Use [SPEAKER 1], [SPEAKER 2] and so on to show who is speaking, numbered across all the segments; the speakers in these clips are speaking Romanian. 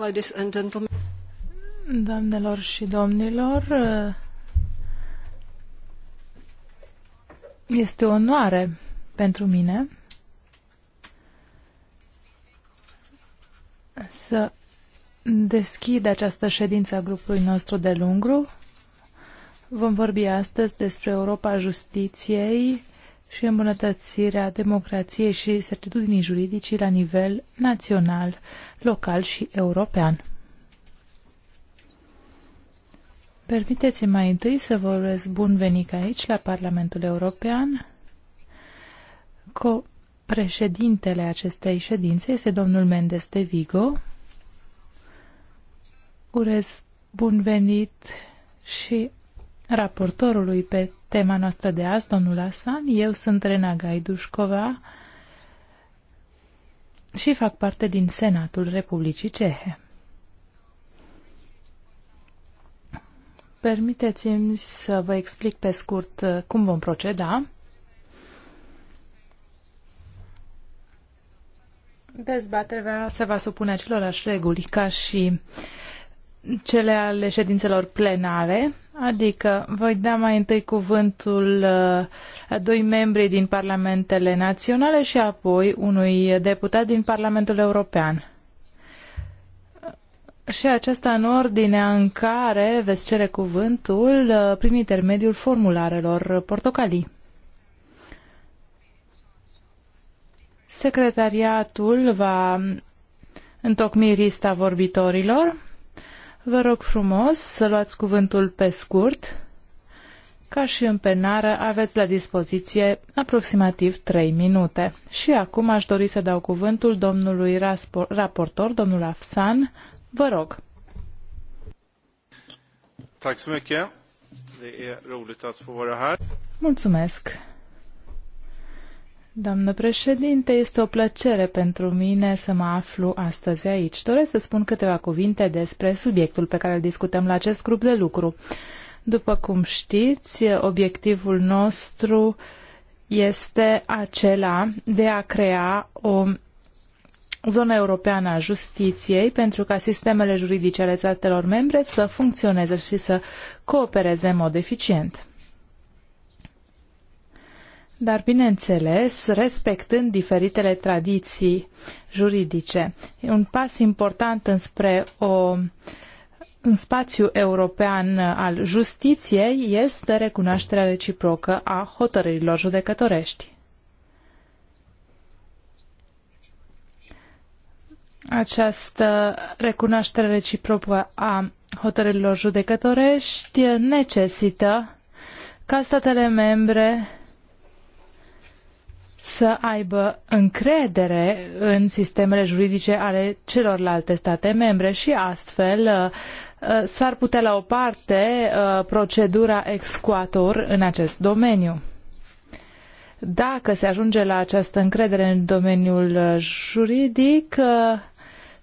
[SPEAKER 1] Ladies and gentlemen.
[SPEAKER 2] Doamnelor și domnilor, este o onoare pentru mine să deschid această ședință a grupului nostru de lungru. Vom vorbi astăzi despre Europa Justiției, și îmbunătățirea democrației și certitudinii juridicii la nivel național, local și european. Permiteți-mi mai întâi să vă urez bun venit aici, la Parlamentul European. Co-președintele acestei ședințe este domnul Mendes de Vigo. Urez bun venit și raportorului pe tema noastră de azi, domnul Asan. Eu sunt Rena Gaidușcova și fac parte din Senatul Republicii Cehe. Permiteți-mi să vă explic pe scurt uh, cum vom proceda. Dezbaterea se va supune acelorași reguli ca și cele ale ședințelor plenare. Adică voi da mai întâi cuvântul uh, a doi membri din parlamentele naționale și apoi unui deputat din Parlamentul European. Uh, și aceasta în ordinea în care veți cere cuvântul uh, prin intermediul formularelor portocalii. Secretariatul va mm, întocmi lista vorbitorilor Vă rog frumos să luați cuvântul pe scurt. Ca și în penară, aveți la dispoziție aproximativ 3 minute. Și acum aș dori să dau cuvântul domnului raportor, domnul Afsan. Vă rog. Mulțumesc. Doamnă președinte, este o plăcere pentru mine să mă aflu astăzi aici. Doresc să spun câteva cuvinte despre subiectul pe care îl discutăm la acest grup de lucru. După cum știți, obiectivul nostru este acela de a crea o zonă europeană a justiției pentru ca sistemele juridice ale statelor membre să funcționeze și să coopereze în mod eficient dar bineînțeles respectând diferitele tradiții juridice. E un pas important înspre o un spațiu european al justiției este recunoașterea reciprocă a hotărârilor judecătorești. Această recunoaștere reciprocă a hotărârilor judecătorești necesită ca statele membre să aibă încredere în sistemele juridice ale celorlalte state membre și astfel uh, uh, s-ar putea la o parte uh, procedura excuator în acest domeniu. Dacă se ajunge la această încredere în domeniul juridic,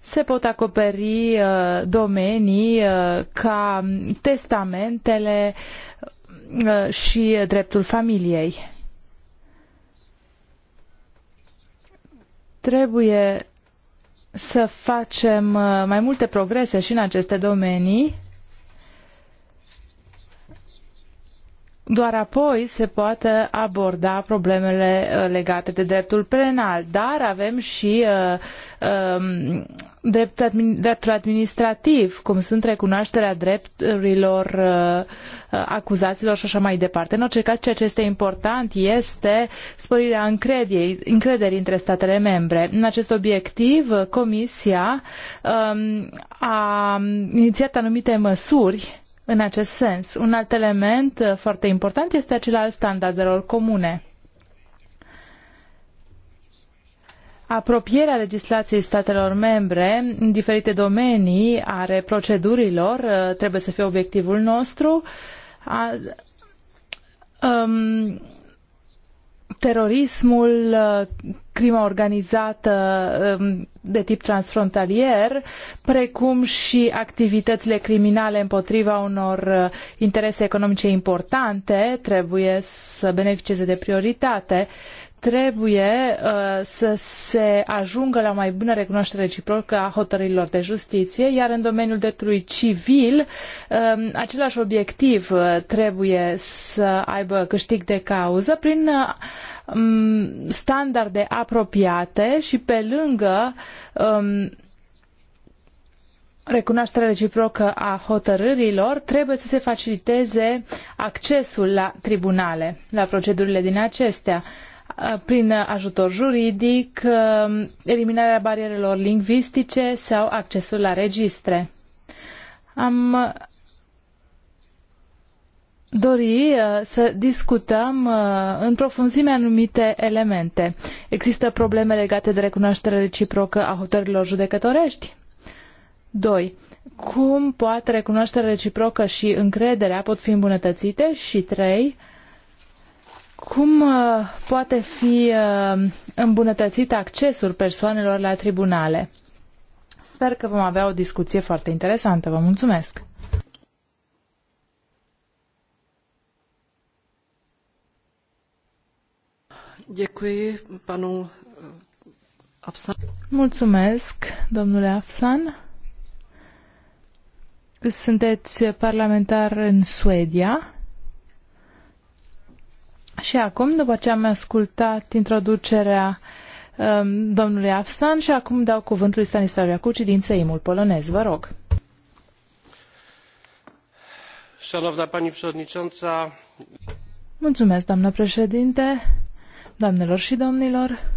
[SPEAKER 2] se pot acoperi domenii ca testamentele și dreptul familiei. Trebuie să facem uh, mai multe progrese și în aceste domenii. Doar apoi se poate aborda problemele uh, legate de dreptul penal, dar avem și uh, Um, drept admin, dreptul administrativ, cum sunt recunoașterea drepturilor uh, uh, acuzaților și așa mai departe. În orice caz, ceea ce este important este sporirea încrederii, încrederii între statele membre. În acest obiectiv, Comisia um, a inițiat anumite măsuri în acest sens. Un alt element uh, foarte important este acela al standardelor comune. apropierea legislației statelor membre în diferite domenii are procedurilor uh, trebuie să fie obiectivul nostru. A, um, terorismul, uh, crima organizată um, de tip transfrontalier, precum și activitățile criminale împotriva unor uh, interese economice importante, trebuie să beneficieze de prioritate. Uh, trebuie uh, să se ajungă la mai bună recunoaștere reciprocă a hotărârilor de justiție, iar în domeniul dreptului civil, uh, același obiectiv uh, trebuie să aibă câștig de cauză prin um, standarde apropiate și pe lângă um, recunoașterea reciprocă a hotărârilor, trebuie să se faciliteze accesul la tribunale, la procedurile din acestea. Uh, Uh, prin ajutor juridic, uh, eliminarea barierelor lingvistice sau accesul la registre. Am dori uh, să discutăm în profunzime anumite elemente. Există probleme legate de recunoașterea reciprocă a hotărilor judecătorești? 2. Cum poate recunoașterea reciprocă și încrederea pot fi îmbunătățite? Și 3 cum uh, poate fi uh, îmbunătățit accesul persoanelor la tribunale? Sper că vom avea o discuție foarte interesantă. Vă mulțumesc!
[SPEAKER 1] Uh,
[SPEAKER 2] mulțumesc, domnule Afsan. Sunteți parlamentar în Suedia. Și acum, după ce am ascultat introducerea um, domnului Afsan, și acum dau cuvântul lui Stanislav Iacuci din Seimul polonez. Vă rog.
[SPEAKER 1] Szanowna Pani
[SPEAKER 2] Mulțumesc, doamnă președinte, doamnelor și domnilor.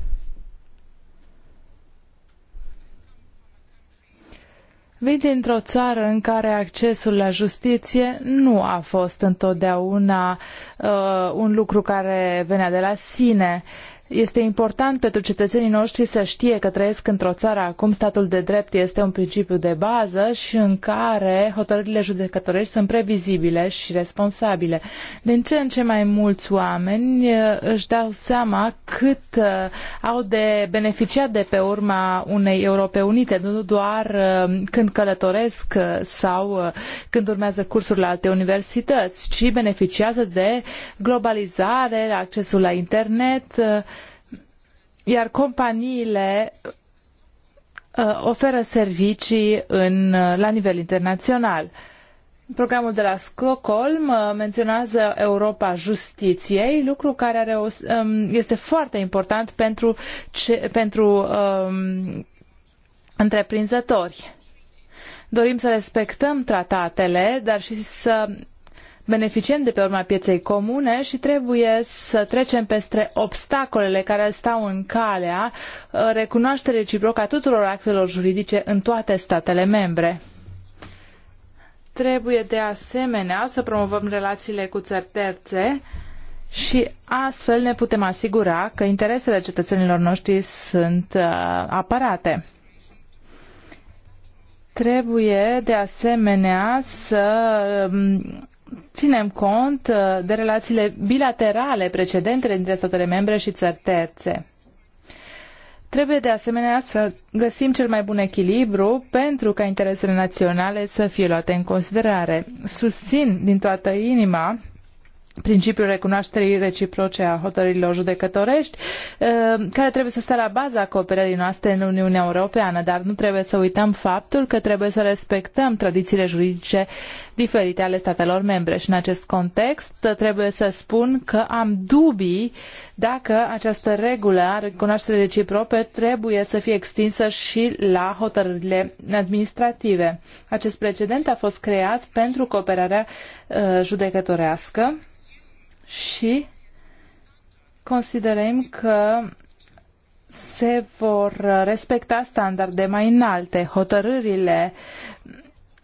[SPEAKER 2] Vii dintr-o țară în care accesul la justiție nu a fost întotdeauna uh, un lucru care venea de la sine. Uh, este important pentru cetățenii noștri să știe că trăiesc într-o țară acum statul de drept este un principiu de bază și în care hotărârile judecătorești sunt previzibile și responsabile. Din ce în ce mai mulți oameni eh, își dau seama cât eh, au de beneficiat de pe urma unei Europe Unite, nu doar eh, când călătoresc sau când urmează cursuri la alte universități, ci beneficiază de globalizare, accesul la internet, iar companiile uh, oferă servicii în, uh, la nivel internațional. Programul de la Stockholm uh, menționează Europa Justiției, lucru care are o, um, este foarte important pentru, ce, pentru um, întreprinzători. Dorim să respectăm tratatele, dar și să beneficiem de pe urma pieței comune și trebuie să trecem peste obstacolele care stau în calea uh, recunoașterii reciprocă a tuturor actelor juridice în toate statele membre. Trebuie de asemenea să promovăm relațiile cu țări terțe și astfel ne putem asigura că interesele cetățenilor noștri sunt uh, apărate. Trebuie de asemenea să um, ținem cont uh, de relațiile bilaterale precedente dintre statele membre și țări terțe. Trebuie de asemenea să găsim cel mai bun echilibru pentru ca interesele naționale să fie luate în considerare. Susțin din toată inima principiul recunoașterii reciproce a hotărârilor judecătorești, uh, care trebuie să stea la baza cooperării noastre în Uniunea Europeană, dar nu trebuie să uităm faptul că trebuie să respectăm tradițiile juridice diferite ale statelor membre. Și în acest context uh, trebuie să spun că am dubii dacă această regulă a recunoașterii reciproce trebuie să fie extinsă și la hotărârile administrative. Acest precedent a fost creat pentru cooperarea uh, judecătorească și considerăm că se vor respecta standarde mai înalte. Hotărârile uh,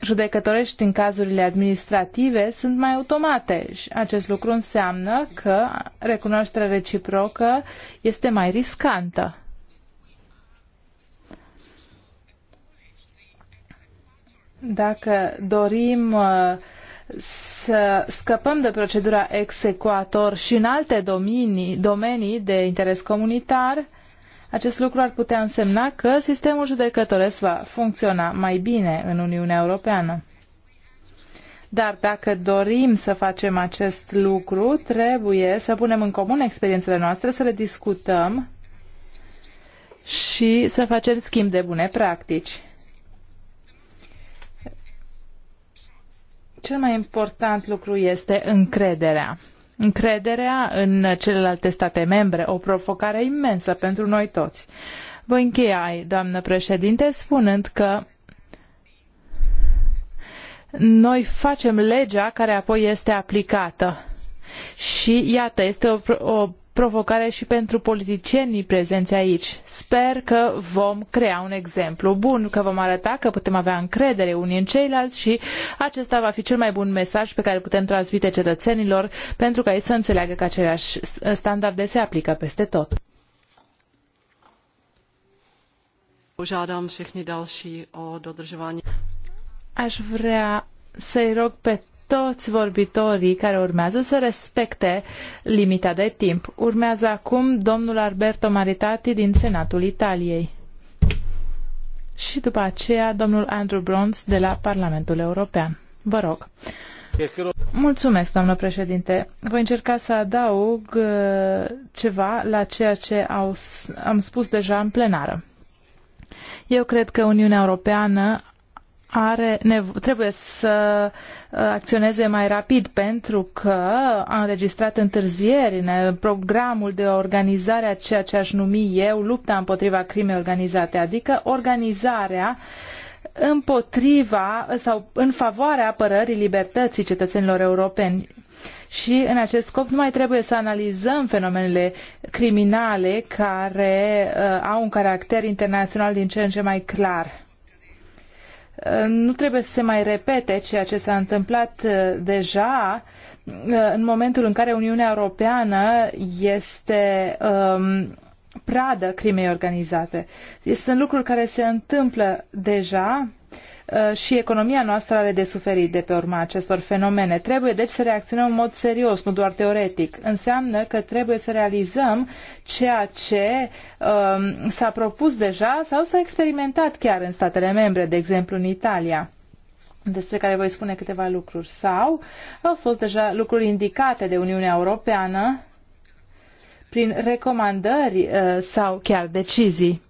[SPEAKER 2] judecătorești în cazurile administrative sunt mai automate și acest lucru înseamnă că recunoașterea reciprocă este mai riscantă. Dacă dorim uh, să scăpăm de procedura execuator și în alte domenii, domenii de interes comunitar, acest lucru ar putea însemna că sistemul judecătoresc va funcționa mai bine în Uniunea Europeană. Dar dacă dorim să facem acest lucru, trebuie să punem în comun experiențele noastre, să le discutăm și să facem schimb de bune practici. Cel mai important lucru este încrederea încrederea în celelalte state membre, o provocare imensă pentru noi toți. Voi încheia, doamnă președinte, spunând că noi facem legea care apoi este aplicată. Și iată, este o, o provocare și pentru politicienii prezenți aici. Sper că vom crea un exemplu bun, că vom arăta că putem avea încredere unii în ceilalți și acesta va fi cel mai bun mesaj pe care putem transmite cetățenilor pentru ca ei să înțeleagă că aceleași standarde se aplică peste tot.
[SPEAKER 1] Požádám o
[SPEAKER 2] Aș vrea să-i rog pe toți vorbitorii care urmează să respecte limita de timp. Urmează acum domnul Alberto Maritati din Senatul Italiei și după aceea domnul Andrew Brons de la Parlamentul European. Vă rog. Mulțumesc, doamnă președinte. Voi încerca să adaug uh, ceva la ceea ce au, am spus deja în plenară. Eu cred că Uniunea Europeană are trebuie să uh, acționeze mai rapid pentru că a înregistrat întârzieri în uh, programul de organizare a ceea ce aș numi eu lupta împotriva crimei organizate, adică organizarea împotriva sau în favoarea apărării libertății cetățenilor europeni. Și în acest scop nu mai trebuie să analizăm fenomenele criminale care uh, au un caracter internațional din ce în ce mai clar nu trebuie să se mai repete ceea ce s-a întâmplat uh, deja uh, în momentul în care Uniunea Europeană este um, pradă crimei organizate. Sunt lucruri care se întâmplă deja Uh, și economia noastră are de suferit de pe urma acestor fenomene. Trebuie deci să reacționăm în mod serios, nu doar teoretic. Înseamnă că trebuie să realizăm ceea ce um, s-a propus deja sau s-a experimentat chiar în statele membre, de exemplu în Italia despre care voi spune câteva lucruri sau au fost deja lucruri indicate de Uniunea Europeană prin recomandări uh, sau chiar decizii.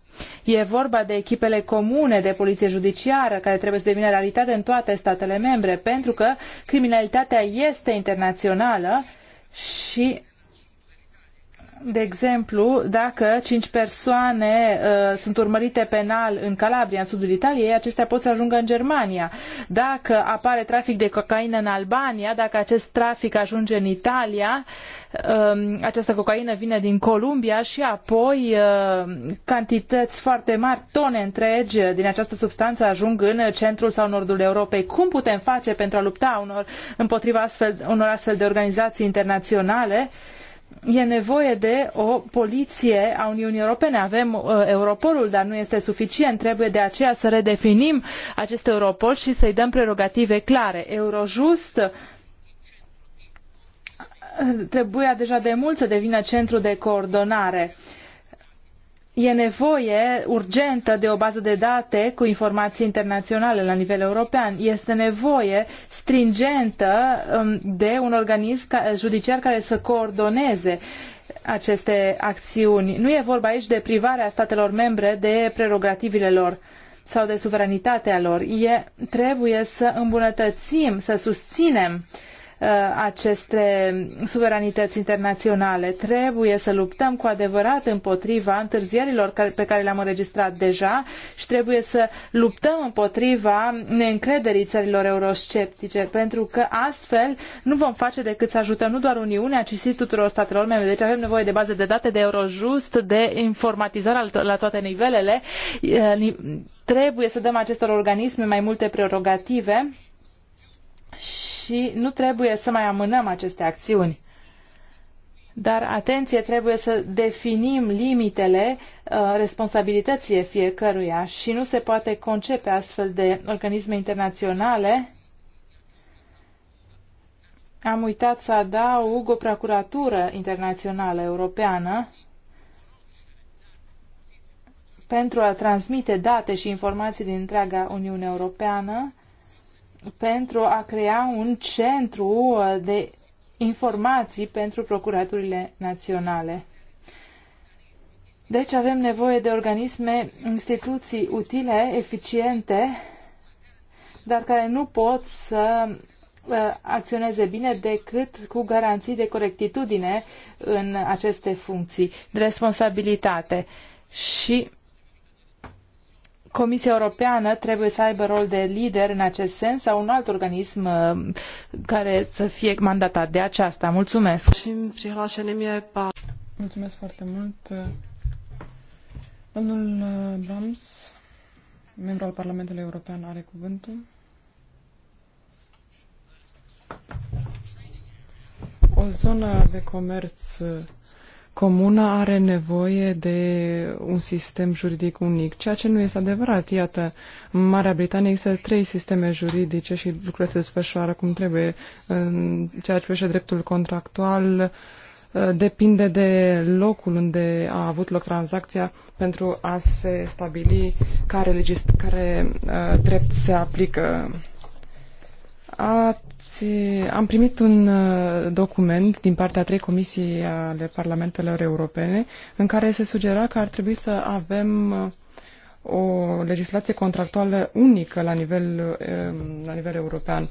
[SPEAKER 2] E vorba de echipele comune de poliție judiciară care trebuie să devină realitate în toate statele membre, pentru că criminalitatea este internațională și de exemplu, dacă cinci persoane uh, sunt urmărite penal în Calabria, în sudul Italiei, acestea pot să ajungă în Germania. Dacă apare trafic de cocaină în Albania, dacă acest trafic ajunge în Italia, uh, această cocaină vine din Columbia și apoi uh, cantități foarte mari, tone întregi din această substanță ajung în centrul sau nordul Europei. Cum putem face pentru a lupta unor, împotriva astfel, unor astfel de organizații internaționale? Uh, e nevoie de o poliție a Uniunii Europene. Avem uh, Europolul, dar nu este suficient. Trebuie de aceea să redefinim acest Europol și să-i dăm prerogative clare. Eurojust uh, trebuia deja de mult să devină centru de coordonare e nevoie urgentă de o bază de date cu informații internaționale la nivel european. Este nevoie stringentă um, de un organism judiciar care să coordoneze aceste acțiuni. Nu e vorba aici de privarea statelor membre de prerogativile lor sau de suveranitatea lor. E, trebuie să îmbunătățim, să susținem uh, Uh, aceste suveranități internaționale. Trebuie să luptăm cu adevărat împotriva întârzierilor pe care le-am înregistrat deja și trebuie să luptăm împotriva neîncrederii țărilor eurosceptice, pentru că astfel nu vom face decât să ajutăm nu doar Uniunea, ci și tuturor statelor membre. Deci avem nevoie de baze de date, de Eurojust, de informatizare la toate nivelele. Uh, trebuie să dăm acestor organisme mai multe prerogative și și nu trebuie să mai amânăm aceste acțiuni. Dar atenție, trebuie să definim limitele uh, responsabilității fiecăruia și nu se poate concepe astfel de organisme internaționale. Am uitat să adaug o procuratură internațională europeană pentru a transmite date și informații din întreaga Uniune Europeană pentru a crea un centru de informații pentru procuraturile naționale. Deci avem nevoie de organisme, instituții utile, eficiente, dar care nu pot să uh, acționeze bine decât cu garanții de corectitudine în aceste funcții, de responsabilitate. Și Comisia Europeană trebuie să aibă rol de lider în acest sens sau un alt organism uh, care să fie mandatat de aceasta. Mulțumesc!
[SPEAKER 3] Mulțumesc foarte mult! Domnul uh, Brams, membru al Parlamentului European, are cuvântul. O zonă de comerț uh, comuna are nevoie de un sistem juridic unic, ceea ce nu este adevărat. Iată, în Marea Britanie există trei sisteme juridice și lucrurile se desfășoară cum trebuie. În ceea ce privește dreptul contractual, eh, depinde de locul unde a avut loc tranzacția pentru a se stabili care, legis- care eh, drept se aplică Ați, am primit un uh, document din partea trei comisii ale Parlamentelor Europene în care se sugera că ar trebui să avem uh, o legislație contractuală unică la nivel, um, la nivel european.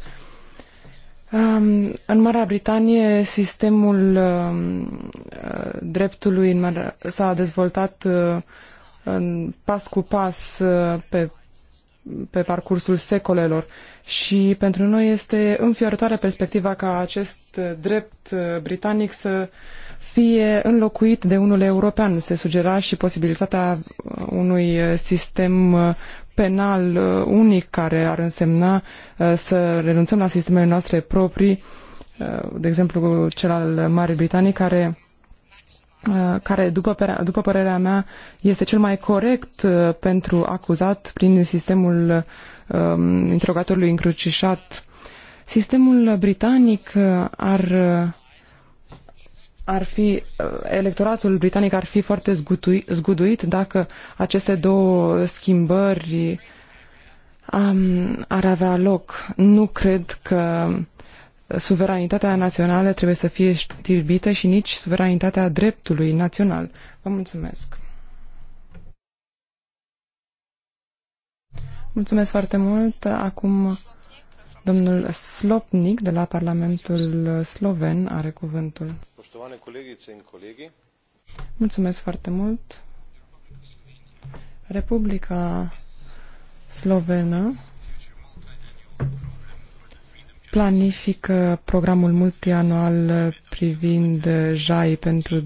[SPEAKER 3] Um, în Marea Britanie, sistemul um, uh, dreptului s-a dezvoltat pas cu pas pe pe parcursul secolelor și pentru noi este înfiorătoare perspectiva ca acest drept uh, britanic să fie înlocuit de unul european. Se sugera și posibilitatea uh, unui uh, sistem penal unic care ar însemna să renunțăm la sistemele noastre proprii, de exemplu cel al Marii Britanii care Uh, care, după, după părerea mea, este cel mai corect uh, pentru acuzat prin sistemul um, interogatorului încrucișat. Sistemul britanic uh, ar, ar fi, electoratul britanic ar fi foarte zgutui, zguduit dacă aceste două schimbări um, ar avea loc. Nu cred că suveranitatea națională trebuie să fie știrbită și nici suveranitatea dreptului național. Vă mulțumesc! Mulțumesc foarte mult! Acum domnul Slopnik de la Parlamentul Sloven are cuvântul. Mulțumesc foarte mult! Republica Slovenă planifică programul multianual privind JAI pentru 2010-2014.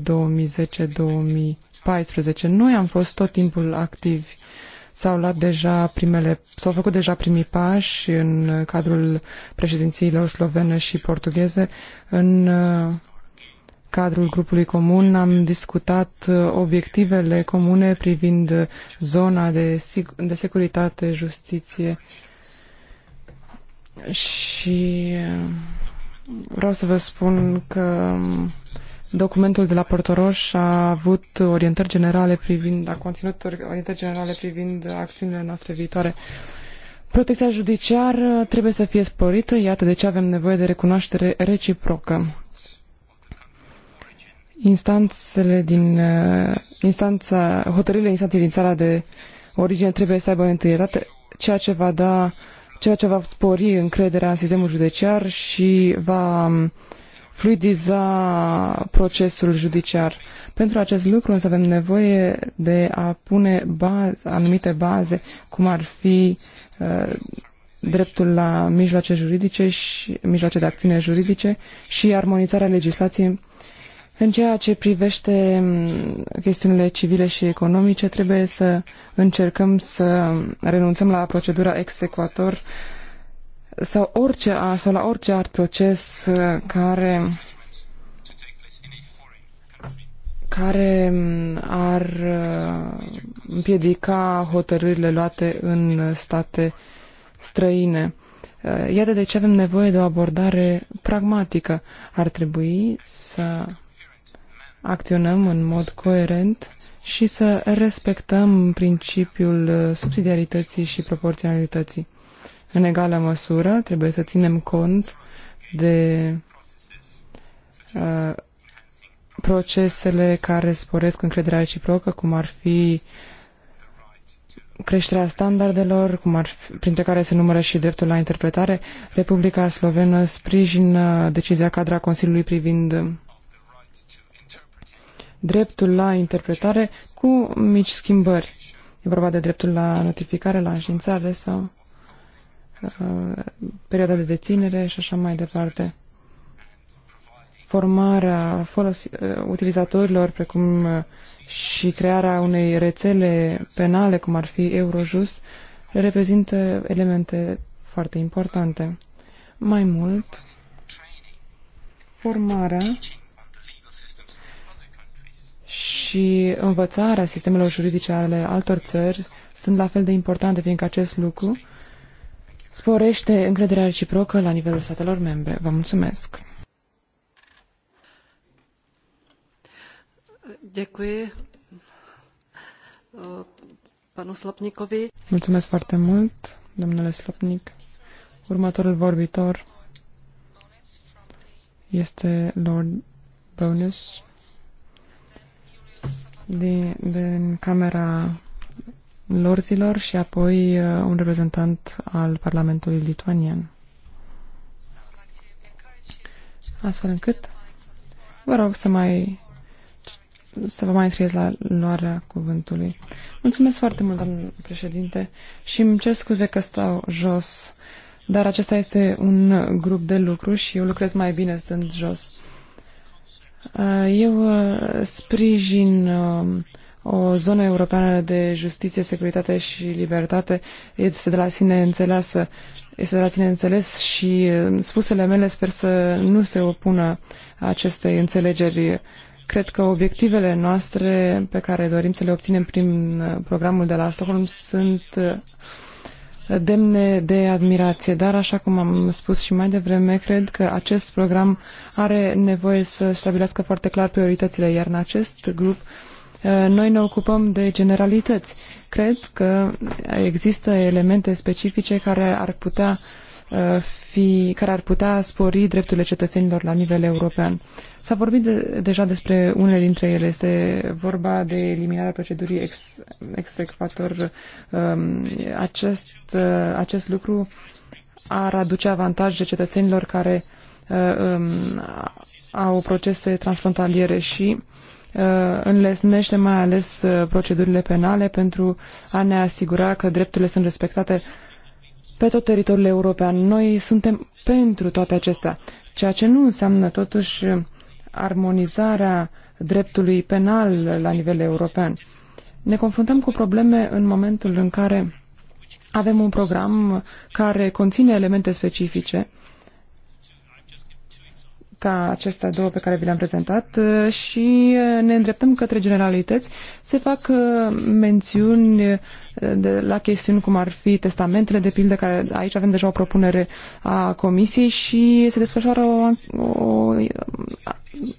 [SPEAKER 3] Noi am fost tot timpul activi. S-au luat deja primele, s-au făcut deja primii pași în cadrul președințiilor slovene și portugheze. În uh, cadrul grupului comun am discutat uh, obiectivele comune privind zona de, de securitate, justiție, și vreau să vă spun că documentul de la Portoroș a avut orientări generale privind, a conținut orientări generale privind acțiunile noastre viitoare. Protecția judiciară trebuie să fie sporită, iată de ce avem nevoie de recunoaștere reciprocă. Instanțele din uh, instanța, hotărârile instanței din țara de origine trebuie să aibă întâietate, ceea ce va da ceea ce va spori încrederea în sistemul judiciar și va fluidiza procesul judiciar. Pentru acest lucru însă avem nevoie de a pune baze, anumite baze, cum ar fi uh, dreptul la mijloace juridice și mijloace de acțiune juridice și armonizarea legislației în ceea ce privește mm, chestiunile civile și economice, trebuie să încercăm să renunțăm la procedura execuator sau, orice, sau la orice alt proces uh, care care mm, ar uh, împiedica hotărârile luate în state străine. Uh, iată de ce avem nevoie de o abordare pragmatică. Ar trebui să acționăm în mod coerent și să respectăm principiul uh, subsidiarității și proporționalității. În egală măsură, trebuie să ținem cont de uh, procesele care sporesc încrederea reciprocă, cum ar fi creșterea standardelor, cum ar fi, printre care se numără și dreptul la interpretare. Republica Slovenă sprijină decizia cadra Consiliului privind dreptul la interpretare cu mici schimbări. E vorba de dreptul la notificare, la înștiințare sau uh, perioada de deținere și așa mai departe. Formarea folos- uh, utilizatorilor, precum uh, și crearea unei rețele penale, cum ar fi Eurojust, reprezintă elemente foarte importante. Mai mult, formarea și învățarea sistemelor juridice ale altor țări sunt la fel de importante, fiindcă acest lucru sporește încrederea reciprocă la nivelul statelor membre. Vă mulțumesc!
[SPEAKER 1] Děkuji eh, panu Slopnikovi.
[SPEAKER 3] Mulțumesc foarte mult, domnule Slopnik. Următorul vorbitor este Lord Bonus din, din Camera Lorzilor și apoi uh, un reprezentant al Parlamentului Lituanian. Astfel încât vă rog să mai să vă mai înscrieți la luarea cuvântului. Mulțumesc foarte mult, domnul președinte, și îmi cer scuze că stau jos, dar acesta este un grup de lucru și eu lucrez mai bine stând jos. Uh, eu uh, sprijin uh, o zonă europeană de justiție, securitate și libertate este de la sine înțeleasă, este de la sine înțeles și spusele mele sper să nu se opună acestei înțelegeri. Cred că obiectivele noastre pe care dorim să le obținem prin programul de la Stockholm sunt demne de admirație, dar așa cum am spus și mai devreme, cred că acest program are nevoie să stabilească foarte clar prioritățile, iar în acest grup eh, noi ne ocupăm de generalități. Cred că există elemente specifice care ar putea uh, Uh, fi, care ar putea spori drepturile cetățenilor la nivel european. S-a vorbit de, deja despre unele dintre ele. Este vorba de eliminarea procedurii ex, um, Acest, uh, acest lucru ar aduce avantaje cetățenilor care uh, um, au procese transfrontaliere și înlesnește mai ales procedurile penale pentru a ne asigura că drepturile sunt respectate pe tot teritoriul european. Noi suntem pentru toate acestea, ceea ce nu înseamnă totuși armonizarea dreptului penal la nivel european. Ne confruntăm cu probleme în momentul în care avem un program care conține elemente specifice ca acestea două pe care vi le-am prezentat și ne îndreptăm către generalități. Se fac uh, mențiuni de la chestiuni cum ar fi testamentele, de pildă, care aici avem deja o propunere a comisiei și se desfășoară o, o,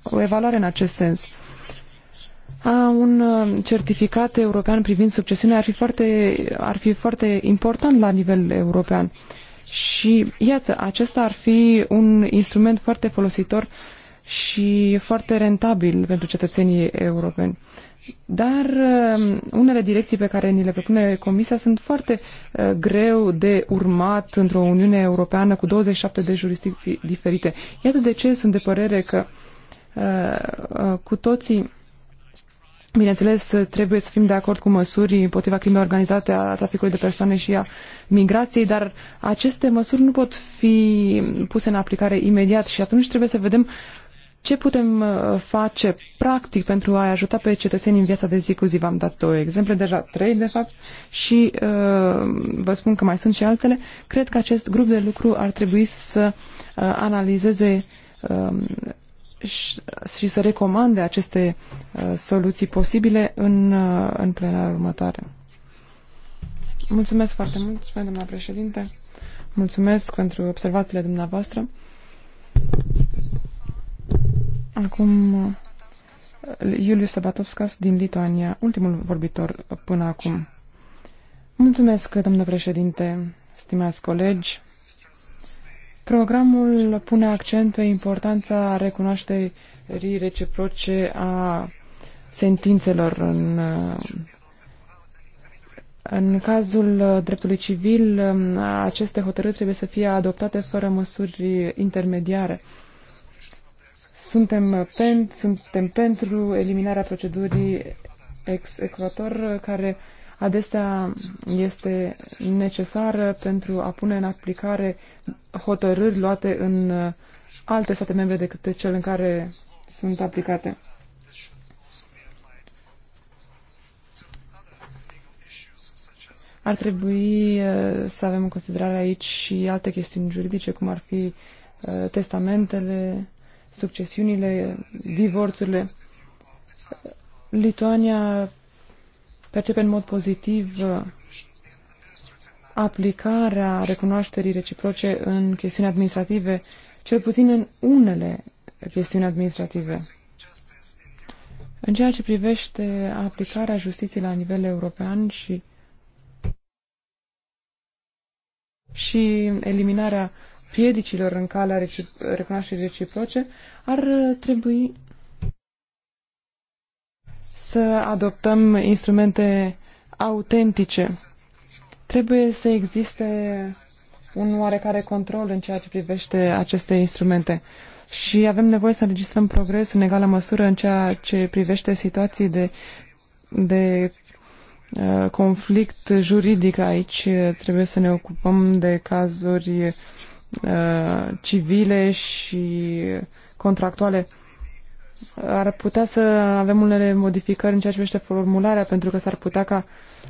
[SPEAKER 3] o evaluare în acest sens. A, un uh, certificat european privind succesiunea ar fi foarte, ar fi foarte important la nivel european. Și iată, acesta ar fi un instrument foarte folositor și foarte rentabil pentru cetățenii europeni. Dar um, unele direcții pe care ni le propune Comisia sunt foarte uh, greu de urmat într-o Uniune Europeană cu 27 de jurisdicții diferite. Iată de ce sunt de părere că uh, uh, cu toții Bineînțeles, trebuie să fim de acord cu măsuri împotriva crimei organizate, a traficului de persoane și a migrației, dar aceste măsuri nu pot fi puse în aplicare imediat și atunci trebuie să vedem ce putem uh, face practic pentru a ajuta pe cetățenii în viața de zi cu zi? V-am dat două exemple, deja trei de fapt, și uh, vă spun că mai sunt și altele. Cred că acest grup de lucru ar trebui să uh, analizeze uh, și, și să recomande aceste uh, soluții posibile în, uh, în plenarea următoare. Mulțumesc foarte mult, doamna președinte. Mulțumesc pentru observațiile dumneavoastră. Acum, Iulius Sabatovskas din Lituania, ultimul vorbitor până acum. Mulțumesc, domnule președinte, stimați colegi. Programul pune accent pe importanța recunoașterii reciproce a sentințelor în, în cazul dreptului civil, aceste hotărâri trebuie să fie adoptate fără măsuri intermediare. Suntem, pen, suntem pentru eliminarea procedurii ex-ecuator, care adesea este necesară pentru a pune în aplicare hotărâri luate în uh, alte state membre decât cele în care sunt aplicate. Ar trebui uh, să avem în considerare aici și alte chestiuni juridice, cum ar fi uh, testamentele, succesiunile, divorțurile. Lituania percepe în mod pozitiv uh, aplicarea recunoașterii reciproce în chestiuni administrative, cel puțin în unele chestiuni administrative. În ceea ce privește aplicarea justiției la nivel european și, și eliminarea piedicilor în calea recunoașterii reciproce, ar uh, trebui să adoptăm instrumente autentice. Trebuie să existe un oarecare control în ceea ce privește aceste instrumente și avem nevoie să înregistrăm progres în egală măsură în ceea ce privește situații de, de uh, conflict juridic aici. Trebuie să ne ocupăm de cazuri Uh, civile și contractuale. Ar putea să avem unele modificări în ceea ce privește formularea, pentru că s-ar putea ca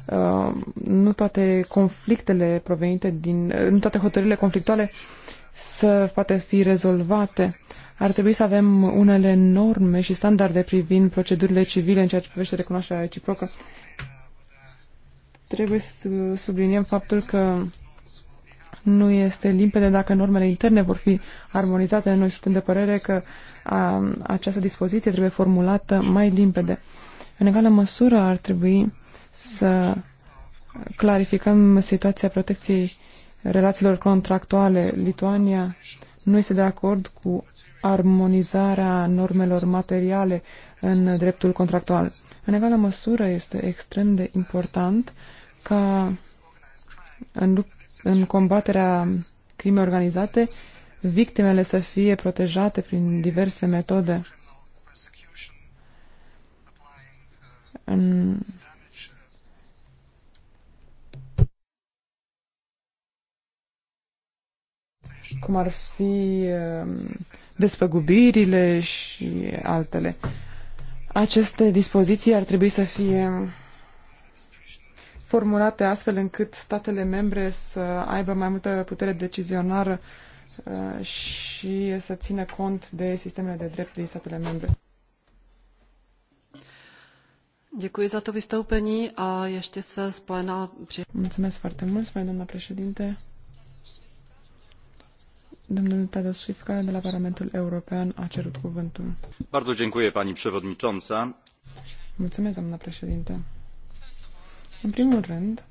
[SPEAKER 3] uh, nu toate conflictele provenite din. Uh, nu toate hotărârile conflictuale să poate fi rezolvate. Ar trebui să avem unele norme și standarde privind procedurile civile în ceea ce privește recunoașterea reciprocă. Trebuie să subliniem faptul că uh, nu este limpede dacă normele interne vor fi armonizate. Noi suntem de părere că a, această dispoziție trebuie formulată mai limpede. În egală măsură ar trebui să clarificăm situația protecției relațiilor contractuale. Lituania nu este de acord cu armonizarea normelor materiale în dreptul contractual. În egală măsură este extrem de important ca în, lupt în combaterea crimei organizate, victimele să fie protejate prin diverse metode. În cum ar fi um, despăgubirile și altele. Aceste dispoziții ar trebui să fie formulate astfel încât statele membre să aibă mai multă putere decizionară uh, și să țină cont de sistemele de drept din
[SPEAKER 1] statele membre. Děkuji za to vystoupení a ještě se spojená při...
[SPEAKER 3] Mulțumesc foarte mult, spune doamna președinte. Domnul Tadeusz Swiefka de la Parlamentul European a cerut cuvântul.
[SPEAKER 1] Bardzo dziękuję, pani przewodnicząca.
[SPEAKER 3] Mulțumesc, doamna președinte. În primul rând,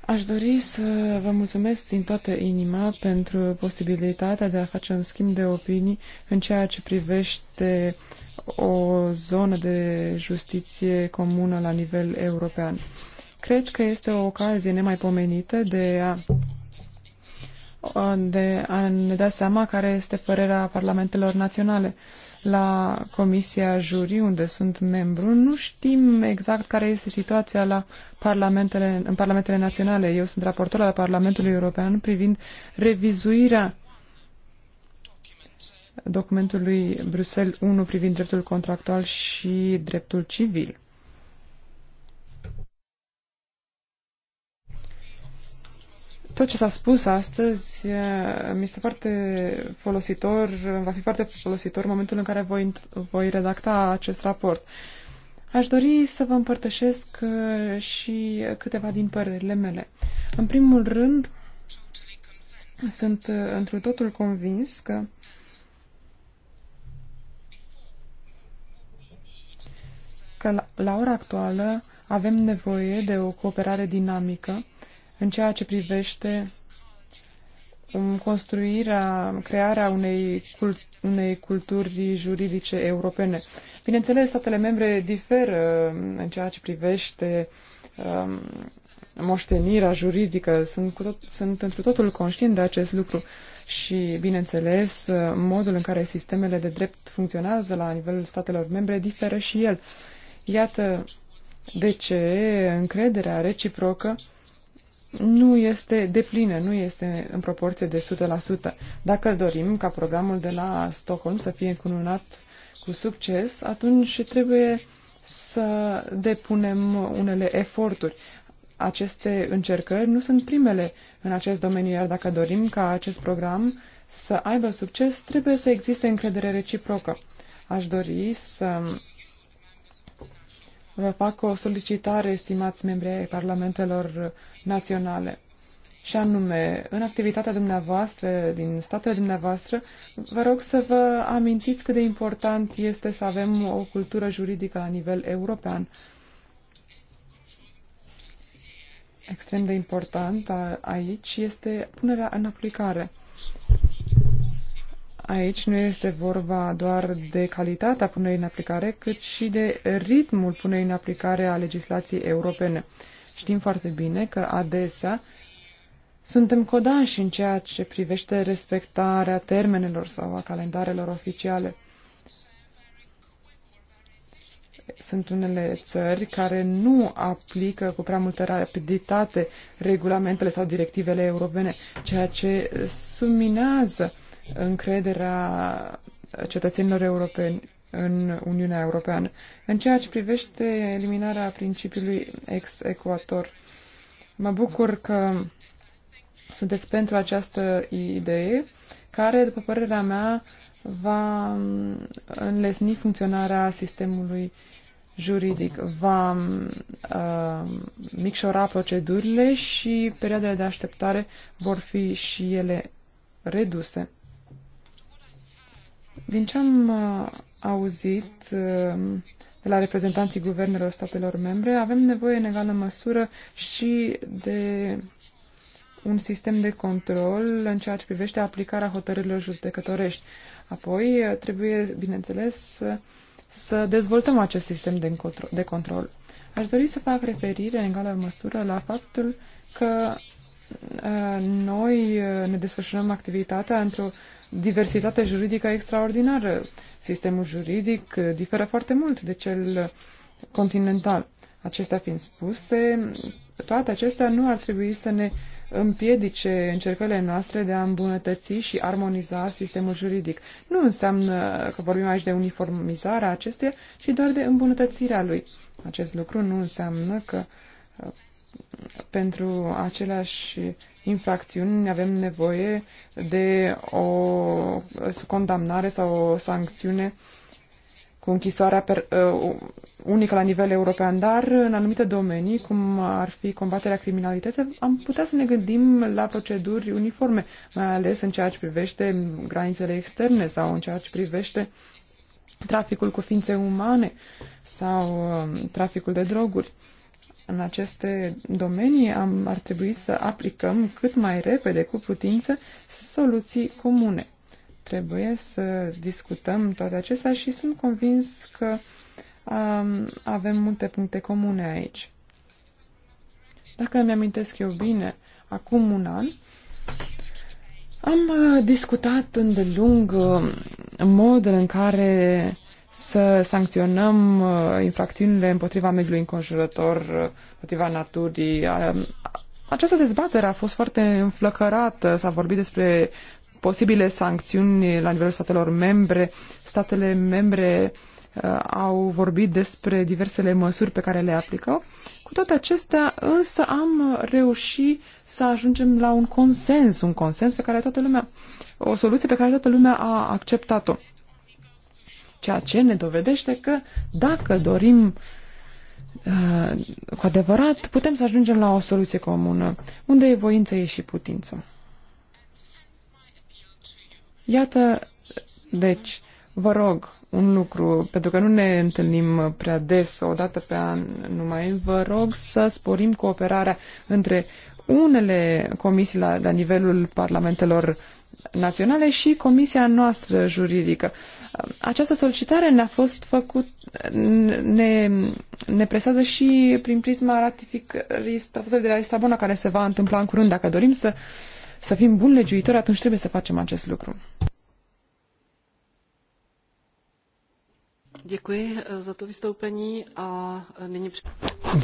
[SPEAKER 3] aș dori să vă mulțumesc din toată inima pentru posibilitatea de a face un schimb de opinii în ceea ce privește o zonă de justiție comună la nivel european. Cred că este o ocazie nemaipomenită de a de a ne da seama care este părerea parlamentelor naționale. Uh, la Comisia Juri, unde sunt membru, nu știm exact care este situația la parlamentele, în parlamentele naționale. Eu sunt raportor la Parlamentul European privind revizuirea documentului Bruxelles 1 privind dreptul contractual și dreptul civil. Tot ce s-a spus astăzi eh, mi este foarte folositor, va fi foarte folositor în momentul în care voi, voi redacta acest raport. Aș dori să vă împărtășesc eh, și câteva din părerile mele. În primul rând, sunt eh, într totul convins că că la, la ora actuală avem nevoie de o cooperare dinamică în ceea ce privește um, construirea, crearea unei, cult- unei culturi juridice europene. Bineînțeles, statele membre diferă um, în ceea ce privește um, moștenirea juridică. Sunt, cu tot, sunt întru totul conștient de acest lucru și, bineînțeles, modul în care sistemele de drept funcționează la nivelul statelor membre diferă și el. Iată de ce încrederea reciprocă uh, nu este deplină, nu este în proporție de 100%. Dacă dorim ca programul de la Stockholm să fie încununat cu succes, atunci trebuie să depunem unele eforturi. Aceste încercări nu sunt primele în acest domeniu, iar dacă dorim ca acest program să aibă succes, trebuie să existe încredere reciprocă. Aș dori să Vă fac o solicitare, estimați membri ai Parlamentelor Naționale. Și anume, în activitatea dumneavoastră, din statele dumneavoastră, vă rog să vă amintiți cât de important este să avem o cultură juridică la nivel european. Extrem de important aici este punerea în aplicare. Aici nu este vorba doar de calitatea punerii în aplicare, cât și de ritmul punerii în aplicare a legislației europene. Știm foarte bine că adesea suntem codanși în ceea ce privește respectarea termenelor sau a calendarelor oficiale. Sunt unele țări care nu aplică cu prea multă rapiditate regulamentele sau directivele europene, ceea ce suminează uh, încrederea cetățenilor europeni în Uniunea Europeană. În ceea ce privește eliminarea principiului ex-ecuator, mă bucur că sunteți pentru această idee, care, după părerea mea, va înlesni funcționarea sistemului juridic, va uh, micșora procedurile și perioadele de așteptare vor fi și ele reduse. Din ce am uh, auzit uh, de la reprezentanții guvernelor statelor membre, avem nevoie în egală măsură și de un sistem de control în ceea ce privește aplicarea hotărârilor judecătorești. Apoi, uh, trebuie, bineînțeles, să dezvoltăm acest sistem de, de control. Aș dori să fac referire în egală măsură la faptul că noi ne desfășurăm activitatea într-o diversitate juridică extraordinară. Sistemul juridic uh, diferă foarte mult de cel continental. Acestea fiind spuse, toate acestea nu ar trebui să ne împiedice încercările noastre de a îmbunătăți și armoniza sistemul juridic. Nu înseamnă că vorbim aici de uniformizarea acesteia, ci doar de îmbunătățirea lui. Acest lucru nu înseamnă că uh, pentru aceleași infracțiuni avem nevoie de o condamnare sau o sancțiune cu închisoarea per, uh, unică la nivel european, dar în anumite domenii, cum ar fi combaterea criminalității, am putea să ne gândim la proceduri uniforme, mai ales în ceea ce privește granițele externe sau în ceea ce privește traficul cu ființe umane sau uh, traficul de droguri în aceste domenii am, ar trebui să aplicăm cât mai repede, cu putință, soluții comune. Trebuie să discutăm toate acestea și sunt convins că um, avem multe puncte comune aici. Dacă îmi amintesc eu bine, acum un an, am uh, discutat îndelung uh, modul în care să sancționăm uh, infracțiunile împotriva mediului înconjurător, uh, împotriva naturii. Um, această dezbatere a fost foarte înflăcărată, s-a vorbit despre posibile sancțiuni la nivelul statelor membre. Statele membre uh, au vorbit despre diversele măsuri pe care le aplicau. Cu toate acestea, însă am reușit să ajungem la un consens, un consens pe care toată lumea, o soluție pe care toată lumea a acceptat-o ceea ce ne dovedește că dacă dorim uh, cu adevărat, putem să ajungem la o soluție comună, unde e voință, e și putință. Iată, deci, vă rog un lucru, pentru că nu ne întâlnim prea des, o dată pe an numai, vă rog să sporim cooperarea între unele comisii la, la nivelul parlamentelor naționale și comisia noastră juridică. Această solicitare ne-a fost făcut, ne, ne presează și prin prisma ratificării statutului de la Lisabona, care se va întâmpla în curând. Dacă dorim să, să fim buni legiuitori, atunci trebuie să facem acest lucru.
[SPEAKER 1] Eh, eh,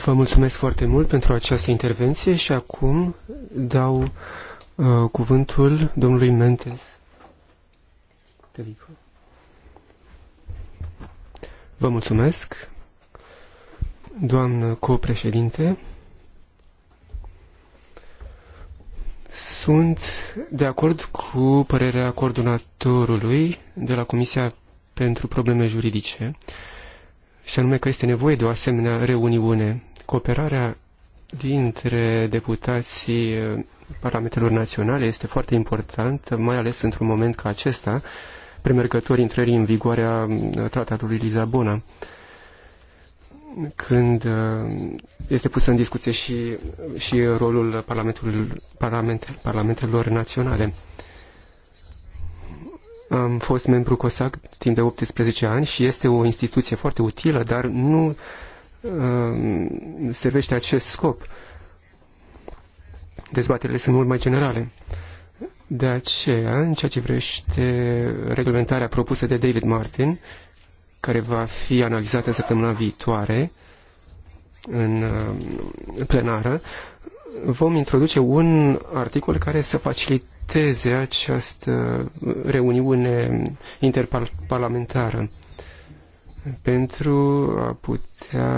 [SPEAKER 4] Vă mulțumesc foarte mult pentru această intervenție și acum dau Uh, cuvântul domnului Mentes. Vă mulțumesc, doamnă copreședinte. Sunt de acord cu părerea coordonatorului de la Comisia pentru Probleme Juridice, și anume că este nevoie de o asemenea reuniune. Cooperarea dintre deputații uh, parlamentelor naționale este foarte important, mai ales într-un moment ca acesta, premergător intrării în vigoare a Tratatului Lisabona, când uh, este pusă în discuție și, și rolul parlamentului, parlament, parlamentelor naționale. Am fost membru COSAC timp de 18 ani și este o instituție foarte utilă, dar nu uh, servește acest scop. Uh, dezbaterile sunt mult mai generale. De aceea, în ceea ce vrește reglementarea propusă de David Martin, care va fi analizată săptămâna viitoare în uh, plenară, vom introduce un articol care să faciliteze această reuniune interparlamentară pentru a putea,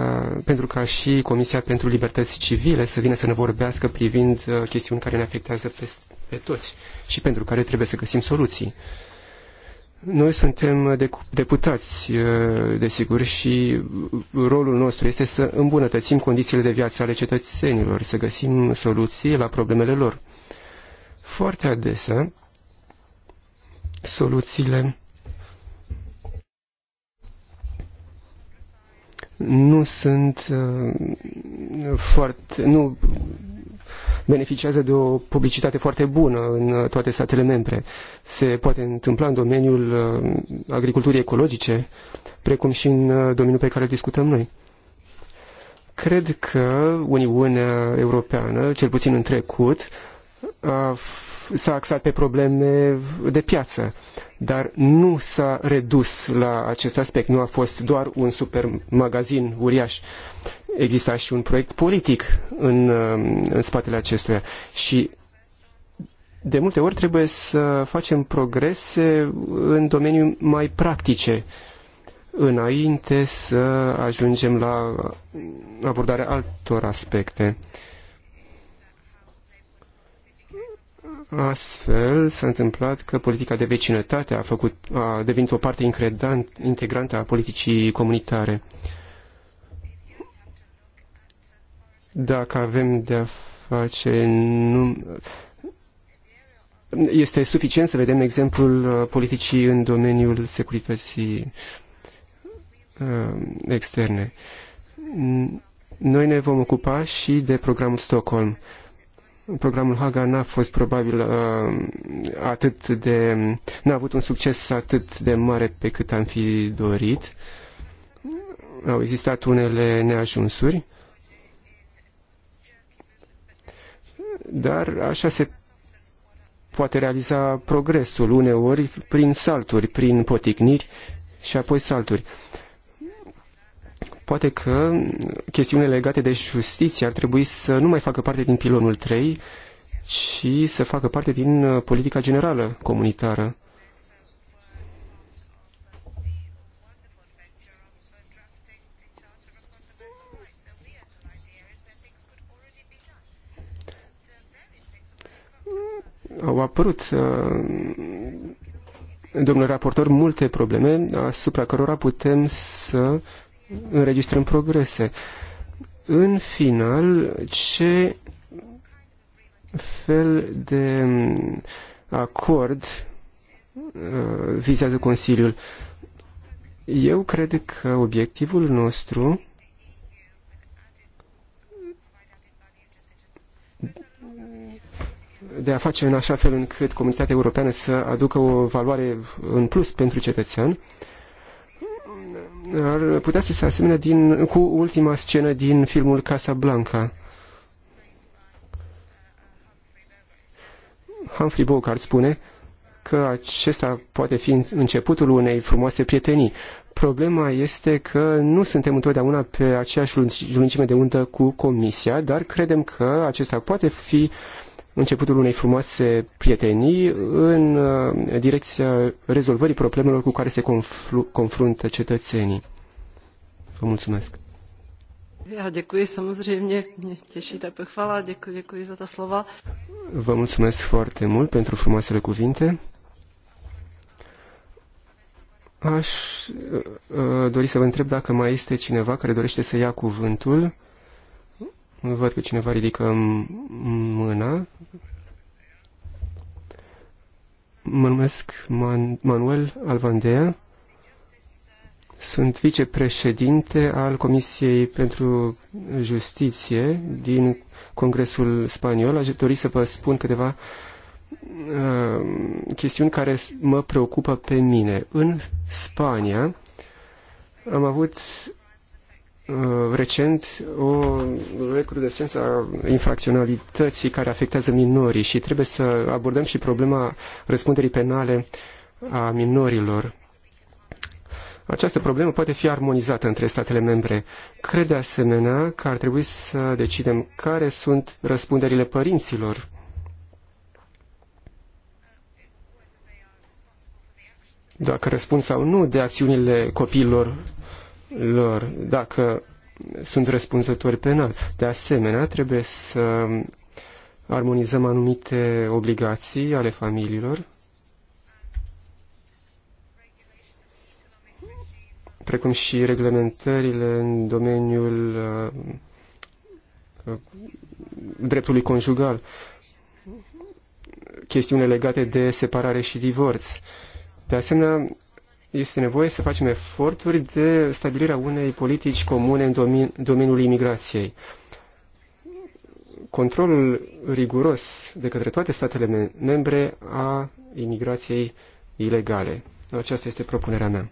[SPEAKER 4] pentru ca și Comisia pentru Libertăți Civile să vină să ne vorbească privind uh, chestiuni care ne afectează pe, pe toți și pentru care trebuie să găsim soluții. Noi suntem deputați, uh, desigur, și rolul nostru este să îmbunătățim condițiile de viață ale cetățenilor, să găsim soluții la problemele lor. Foarte adesea, soluțiile nu sunt uh, foarte, nu beneficiază de o publicitate foarte bună în toate statele membre. Se poate întâmpla în domeniul uh, agriculturii ecologice, precum și în uh, domeniul pe care îl discutăm noi. Cred că Uniunea Europeană, cel puțin în trecut, a s-a axat pe probleme de piață, dar nu s-a redus la acest aspect. Nu a fost doar un supermagazin uriaș. Exista și un proiect politic în, în spatele acestuia și de multe ori trebuie să facem progrese în domenii mai practice înainte să ajungem la abordarea altor aspecte. Astfel s-a întâmplat că politica de vecinătate a, făcut, a devenit o parte integrantă a politicii comunitare. Dacă avem de-a face... Nu... Este suficient să vedem exemplul uh, politicii în domeniul securității uh, externe. Noi ne vom ocupa și de programul Stockholm programul Haga n-a fost probabil uh, atât de... n-a avut un succes atât de mare pe cât am fi dorit. Au existat unele neajunsuri. Dar așa se poate realiza progresul uneori prin salturi, prin poticniri și apoi salturi. Uh, Poate că chestiunile legate de justiție ar trebui să nu mai facă parte din pilonul 3, ci să facă parte din uh, politica generală comunitară. au apărut, uh, domnule raportor, multe probleme asupra cărora putem să înregistrăm progrese. În final, ce fel de acord uh, vizează Consiliul? Eu cred că obiectivul nostru de a face în așa fel încât comunitatea europeană să aducă o valoare în plus pentru cetățean ar putea să se asemene din, cu ultima scenă din filmul Casablanca. Humphrey Bogart spune că acesta poate fi începutul unei frumoase prietenii. Problema este că nu suntem întotdeauna pe aceeași lungime de undă cu Comisia, dar credem că acesta poate fi uh, începutul unei frumoase prietenii în uh, direcția rezolvării problemelor cu care se confruntă cetățenii. Vă mulțumesc.
[SPEAKER 1] Já děkuji samozřejmě, mě těší ta pochvala, děkuji, děkuji za ta slova.
[SPEAKER 4] Vă mulțumesc foarte mult pentru frumoasele cuvinte. Aș uh, uh dori să vă întreb dacă mai este cineva care dorește să ia cuvântul. Văd că cineva ridică mâna. Mă numesc Man Manuel Alvandea. Sunt vicepreședinte al Comisiei pentru Justiție din Congresul Spaniol. Aș dori să vă spun câteva uh, chestiuni care mă preocupă pe mine. În Spania am avut Uh, recent o recrudescență a infracționalității care afectează minorii și trebuie să abordăm și problema răspunderii penale a minorilor. Această problemă poate fi armonizată între statele membre. Cred de asemenea că ar trebui să decidem care sunt răspunderile părinților dacă răspund sau nu de acțiunile copiilor lor, dacă sunt răspunzători penal. De asemenea, trebuie să armonizăm anumite obligații ale familiilor, precum și reglementările în domeniul uh, uh, dreptului conjugal, chestiune legate de separare și divorț. De asemenea, este nevoie să facem eforturi de stabilirea unei politici comune în domen domeniul imigrației. Controlul riguros de către toate statele membre a imigrației ilegale. Aceasta este propunerea mea.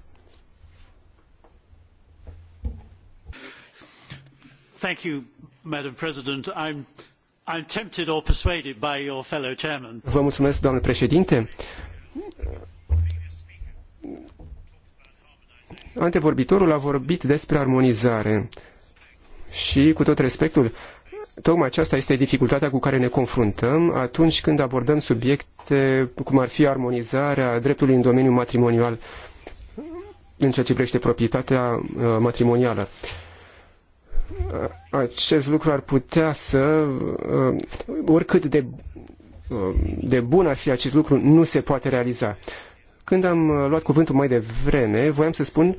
[SPEAKER 1] Thank you, Madam President. I'm, I'm tempted or persuaded by your fellow chairman.
[SPEAKER 4] Vă mulțumesc, doamnă președinte Antevorbitorul a vorbit despre armonizare și, cu tot respectul, tocmai aceasta este dificultatea cu care ne confruntăm atunci când abordăm subiecte cum ar fi armonizarea dreptului în domeniul matrimonial în ceea ce privește proprietatea uh, matrimonială. Uh, acest lucru ar putea să, uh, oricât de, de bun ar fi acest lucru, nu se poate realiza. Când am uh, luat cuvântul mai devreme, voiam să spun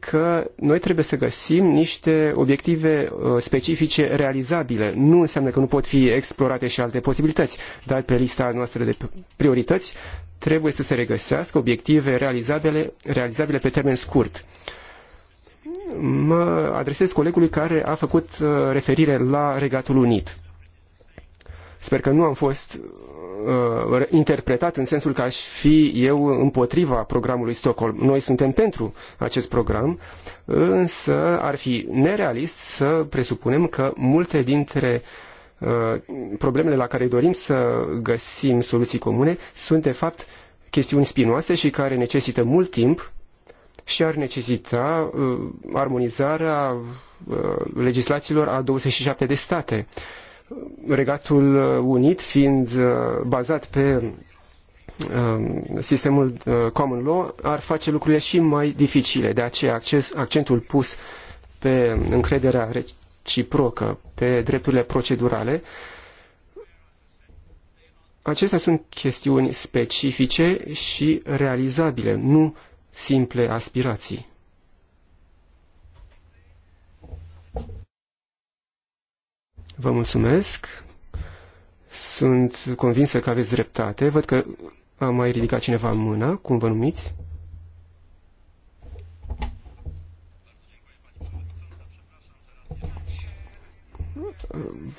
[SPEAKER 4] că noi trebuie să găsim niște obiective uh, specifice realizabile. Nu înseamnă că nu pot fi explorate și alte posibilități, dar pe lista noastră de priorități trebuie să se regăsească obiective realizabile, realizabile pe termen scurt. Mă adresez colegului care a făcut uh, referire la Regatul Unit. Sper că nu am fost uh, interpretat în sensul că aș fi eu împotriva programului Stockholm. Noi suntem pentru acest program, însă ar fi nerealist să presupunem că multe dintre uh, problemele la care dorim să găsim soluții comune sunt de fapt chestiuni spinoase și care necesită mult timp și ar necesita uh, armonizarea uh, legislațiilor a 27 de state. Uh, Regatul Unit fiind uh, bazat pe um, sistemul uh, common law ar face lucrurile și mai dificile. De aceea acces, accentul pus pe încrederea reciprocă, pe drepturile procedurale, acestea sunt chestiuni specifice și realizabile, nu simple aspirații. Vă mulțumesc. Sunt convinsă că aveți dreptate. Văd că a mai ridicat cineva mâna. Cum vă numiți?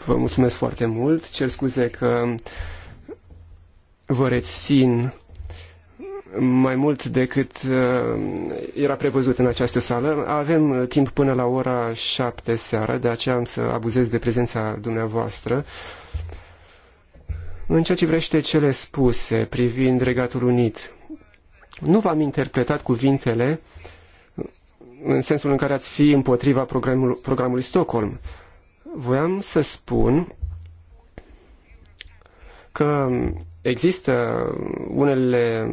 [SPEAKER 4] Vă mulțumesc foarte mult. Cer scuze că vă rețin mai mult decât uh, era prevăzut în această sală. Avem uh, timp până la ora 7 seara, de aceea am să abuzez de prezența dumneavoastră. În ceea ce privește cele spuse privind Regatul Unit, nu v-am interpretat cuvintele în sensul în care ați fi împotriva programul, programului Stockholm. Voiam să spun că există unele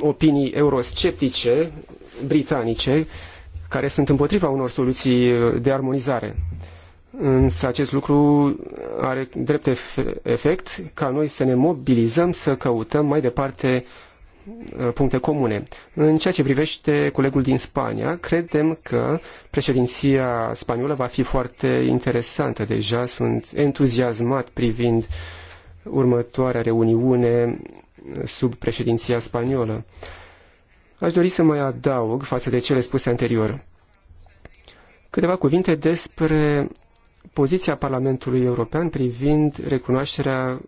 [SPEAKER 4] opinii eurosceptice britanice care sunt împotriva unor soluții de armonizare. Însă acest lucru are drept efect ca noi să ne mobilizăm, să căutăm mai departe uh, puncte comune. În ceea ce privește colegul din Spania, credem că președinția spaniolă va fi foarte interesantă. Deja sunt entuziasmat privind următoarea reuniune sub președinția spaniolă. Aș dori să mai adaug față de cele spuse anterior câteva cuvinte despre poziția Parlamentului European privind recunoașterea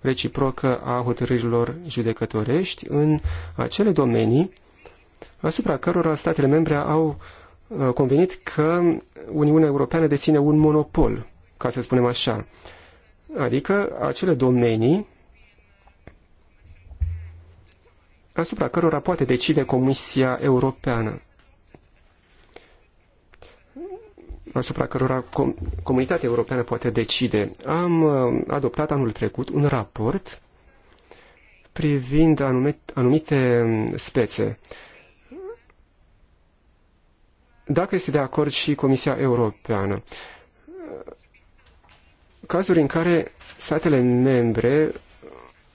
[SPEAKER 4] reciprocă a hotărârilor judecătorești în acele domenii asupra cărora statele membre au uh, convenit că Uniunea Europeană deține un monopol, ca să spunem așa. Adică acele domenii asupra cărora poate decide Comisia Europeană, asupra cărora com Comunitatea Europeană poate decide. Am uh, adoptat anul trecut un raport privind anumite, anumite spețe. Dacă este de acord și Comisia Europeană, cazuri în care statele membre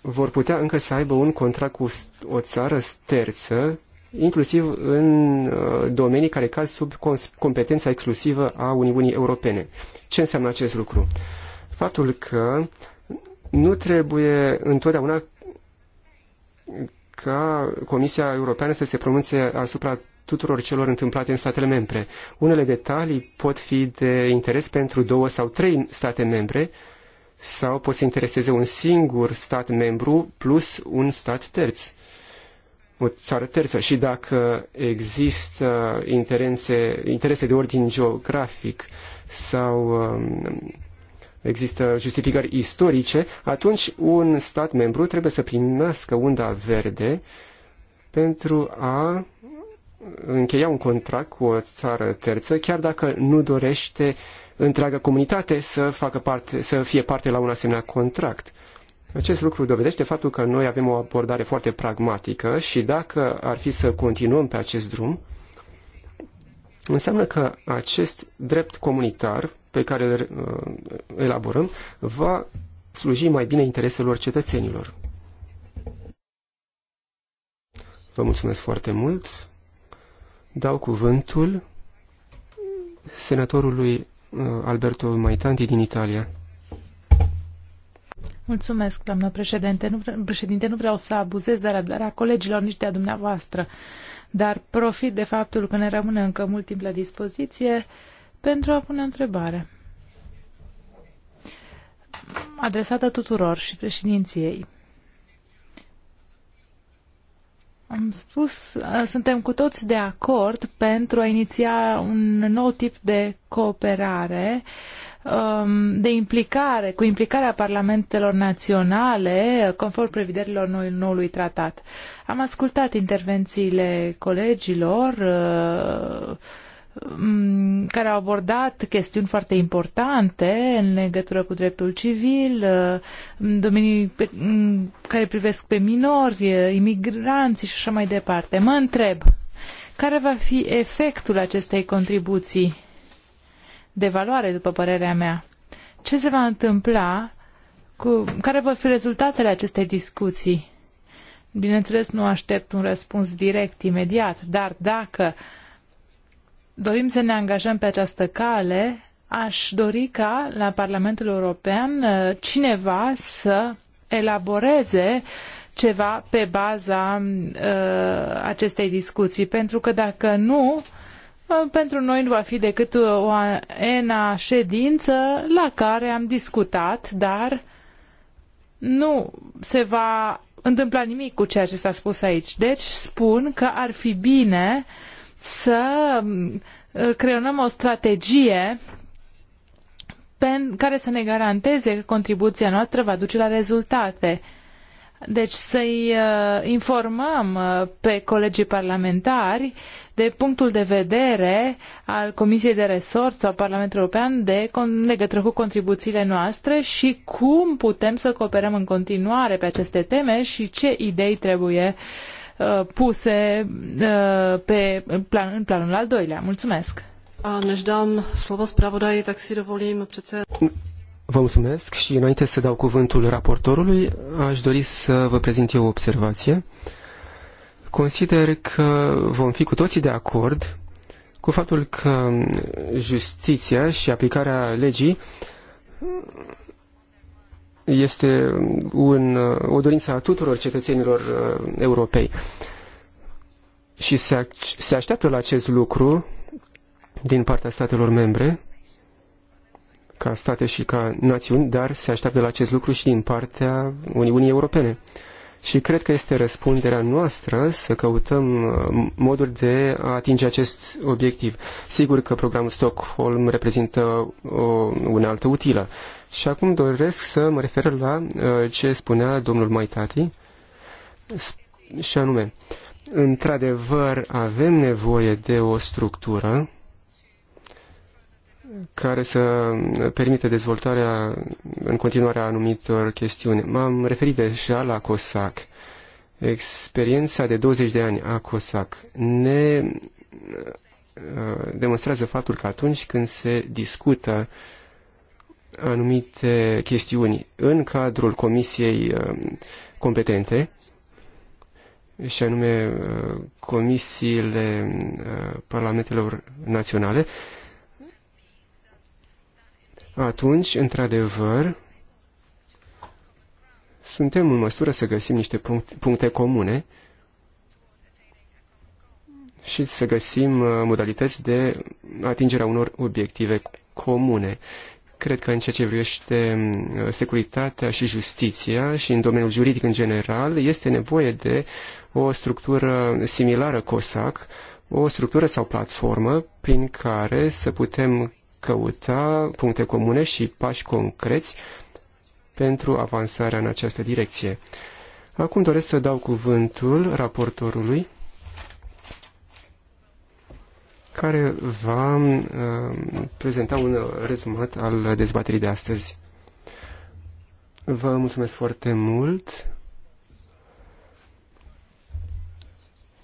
[SPEAKER 4] vor putea încă să aibă un contract cu o țară terță, inclusiv în uh, domenii care cad sub competența exclusivă a Uniunii Europene. Ce înseamnă acest lucru? Faptul că nu trebuie întotdeauna ca Comisia Europeană să se pronunțe asupra tuturor celor întâmplate în statele membre. Unele detalii pot fi de interes pentru două sau trei state membre, sau pot să intereseze un singur stat membru plus un stat terț, o țară terță. Și dacă există interese, interese de ordin geografic sau um, există justificări istorice, atunci un stat membru trebuie să primească unda verde pentru a încheia un contract cu o țară terță, chiar dacă nu dorește uh, întreaga comunitate să, facă parte, să fie parte la un asemenea contract. Acest lucru dovedește faptul că noi avem o abordare foarte pragmatică și dacă ar fi să continuăm pe acest drum, înseamnă că acest drept comunitar pe care îl uh, elaborăm va sluji mai bine intereselor cetățenilor. Vă mulțumesc foarte mult. Dau cuvântul senatorului Alberto Maitanti din Italia.
[SPEAKER 2] Mulțumesc, doamnă președinte. Nu, vre- președinte, nu vreau să abuzez de răbdarea colegilor, nici de a dumneavoastră, dar profit de faptul că ne rămâne încă mult timp la dispoziție pentru a pune o întrebare adresată tuturor și președinției. Am spus, suntem cu toți de acord pentru a iniția un nou tip de cooperare, um, de implicare, cu implicarea parlamentelor naționale, conform prevederilor noului tratat. Am ascultat intervențiile colegilor, uh, Mm, care au abordat chestiuni foarte importante în legătură cu dreptul civil, mm, domenii pe, mm, care privesc pe minori, imigranți și așa mai departe. Mă întreb, care va fi efectul acestei contribuții de valoare, după părerea mea? Ce se va întâmpla? Cu, care vor fi rezultatele acestei discuții? Bineînțeles, nu aștept un răspuns direct, imediat, dar dacă uh, dorim să ne angajăm pe această cale, aș dori ca la Parlamentul European uh, cineva să elaboreze ceva pe baza uh, acestei discuții, pentru că dacă nu, uh, pentru noi nu va fi decât o ena ședință la care am discutat, dar nu se va întâmpla nimic cu ceea ce s-a spus aici. Deci spun că ar fi bine uh, să mm, uh, creionăm o strategie care să ne garanteze că contribuția noastră va duce la rezultate. Deci să-i uh, informăm uh, pe colegii parlamentari de punctul de vedere al Comisiei de Resort sau Parlamentului European de în legătură cu contribuțiile noastre și cum putem să cooperăm în continuare pe aceste teme și ce idei trebuie uh, Uh, puse uh, pe plan, în planul
[SPEAKER 1] al doilea. Mulțumesc! A, než dám slovo zpravodaji, tak si dovolím přece...
[SPEAKER 4] Vă mulțumesc și înainte să dau cuvântul raportorului, aș dori să vă prezint eu o observație. Consider că vom fi cu toții de acord cu faptul că justiția și aplicarea legii este un, o dorință a tuturor cetățenilor uh, europei. Și se, se așteaptă la acest lucru din partea statelor membre, ca state și ca națiuni, dar se așteaptă la acest lucru și din partea Uniunii Europene și cred că este răspunderea noastră să căutăm uh, moduri de a atinge acest obiectiv. Sigur că programul Stockholm reprezintă o uh, unealtă utilă. Și acum doresc să mă refer la uh, ce spunea domnul Maitati și anume, într-adevăr avem nevoie de o structură care să permite dezvoltarea în continuare a anumitor chestiuni. M-am referit deja la COSAC. Experiența de 20 de ani a COSAC ne uh, demonstrează faptul că atunci când se discută anumite chestiuni în cadrul comisiei uh, competente, și anume uh, comisiile parlamentelor naționale, atunci, într-adevăr, suntem în măsură să găsim niște puncte comune și să găsim uh, modalități de atingerea unor obiective comune. Cred că în ceea ce privește mm, uh, securitatea și justiția și în domeniul juridic în general, este nevoie de o structură similară COSAC, o structură sau platformă prin care să putem căuta puncte comune și pași concreți pentru avansarea în această direcție. Acum doresc să dau cuvântul raportorului care va uh, prezenta un rezumat al dezbaterii de astăzi. Vă mulțumesc foarte mult.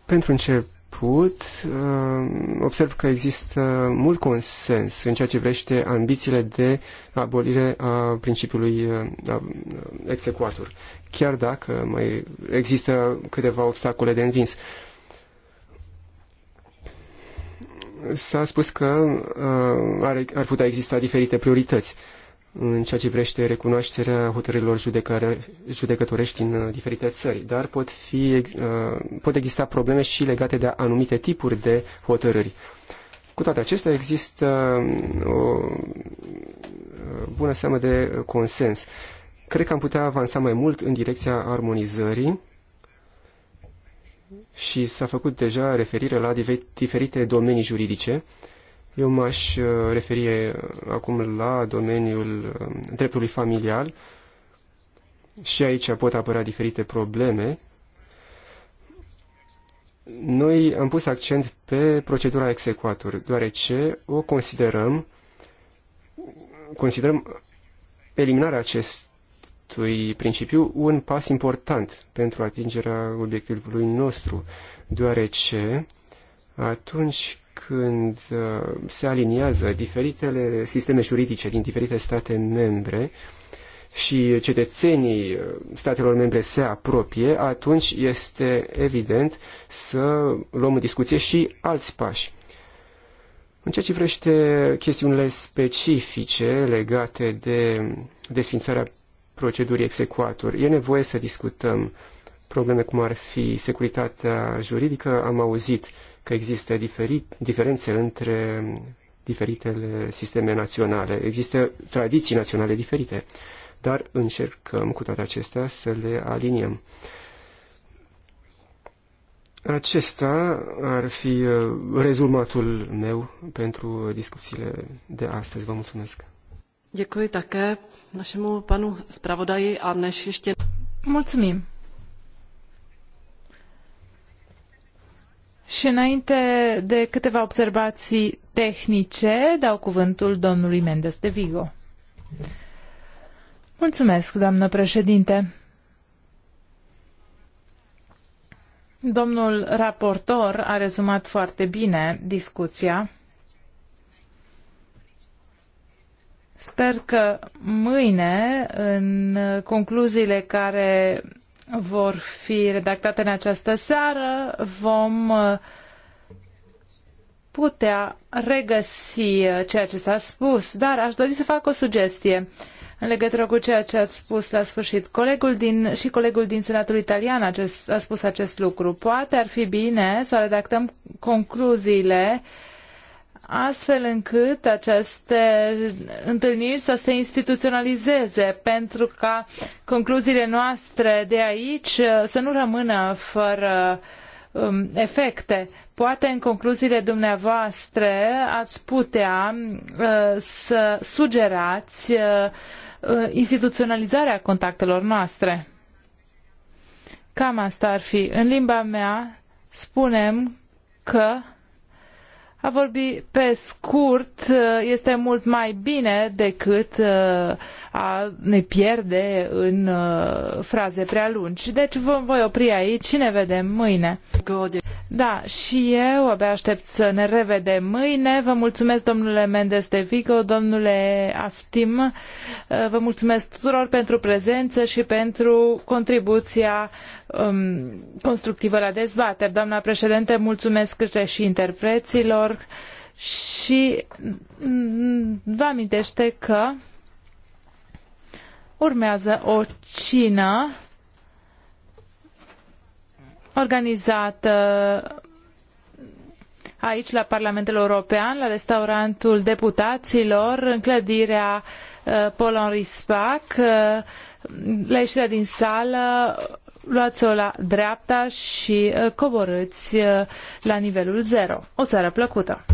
[SPEAKER 4] Pentru început, început, uh, observ că există mult consens în ceea ce vrește ambițiile de abolire a principiului uh, uh, execuator, chiar dacă mai există câteva obstacole de învins. S-a spus că ar putea exista diferite priorități în ceea ce privește recunoașterea hotărârilor judecătorești din uh, diferite țări, dar pot, fi, uh, pot exista probleme și legate de anumite tipuri de hotărâri. Cu toate acestea există um, o uh, bună seamă de consens. Cred că am putea avansa mai mult în direcția armonizării și s-a făcut deja referire la diferite domenii juridice eu m-aș uh, referi uh, acum la domeniul um, dreptului familial și aici pot apărea diferite probleme. Noi am pus accent pe procedura execuator, deoarece o considerăm considerăm eliminarea acestui principiu un pas important pentru atingerea obiectivului nostru, deoarece atunci când uh, se aliniază diferitele sisteme juridice din diferite state membre și cetățenii uh, statelor membre se apropie, atunci este evident să luăm în discuție și alți pași. În ceea ce privește chestiunile specifice legate de desfințarea procedurii execuator, e nevoie să discutăm probleme cum ar fi securitatea juridică, am auzit că există diferit, diferențe între diferitele sisteme naționale. Există tradiții naționale diferite, dar încercăm cu toate acestea să le aliniem. Acesta ar fi uh, rezumatul meu pentru discuțiile de astăzi. Vă mulțumesc.
[SPEAKER 1] Děkuji také našemu panu zpravodaji a než ještě... Mulțumim. Și înainte de câteva
[SPEAKER 2] observații tehnice, dau cuvântul domnului Mendes de Vigo. Mulțumesc, doamnă președinte. Domnul raportor a rezumat foarte bine discuția. Sper că mâine, în concluziile care vor fi redactate în această seară, vom uh, putea regăsi uh, ceea ce s-a spus, dar aș dori să fac o sugestie în legătură cu ceea ce ați spus la sfârșit. Colegul din, și colegul din Senatul Italian acest, a spus acest lucru. Poate ar fi bine să redactăm concluziile uh, astfel încât aceste întâlniri să se instituționalizeze, pentru ca concluziile noastre de aici uh, să nu rămână fără um, efecte. Poate în concluziile dumneavoastră ați putea uh, să sugerați uh, uh instituționalizarea contactelor noastre. Cam asta ar fi. În limba mea spunem că a vorbi pe scurt uh, este mult mai bine decât uh, a ne pierde în uh, fraze prea lungi. Deci vă voi opri aici și ne vedem mâine. Da, și eu abia aștept să ne revedem mâine. Vă mulțumesc, domnule Mendes de Vigo, domnule Aftim. Uh, vă mulțumesc tuturor pentru prezență și pentru contribuția um, constructivă la dezbateri. Doamna președinte, mulțumesc și interpreților și vă amintește că urmează o cină organizată aici la Parlamentul European, la restaurantul deputaților, în clădirea uh, Paul Henri Spac, uh, la ieșirea din sală, luați-o la dreapta și uh, coborâți la nivelul zero. O seară plăcută!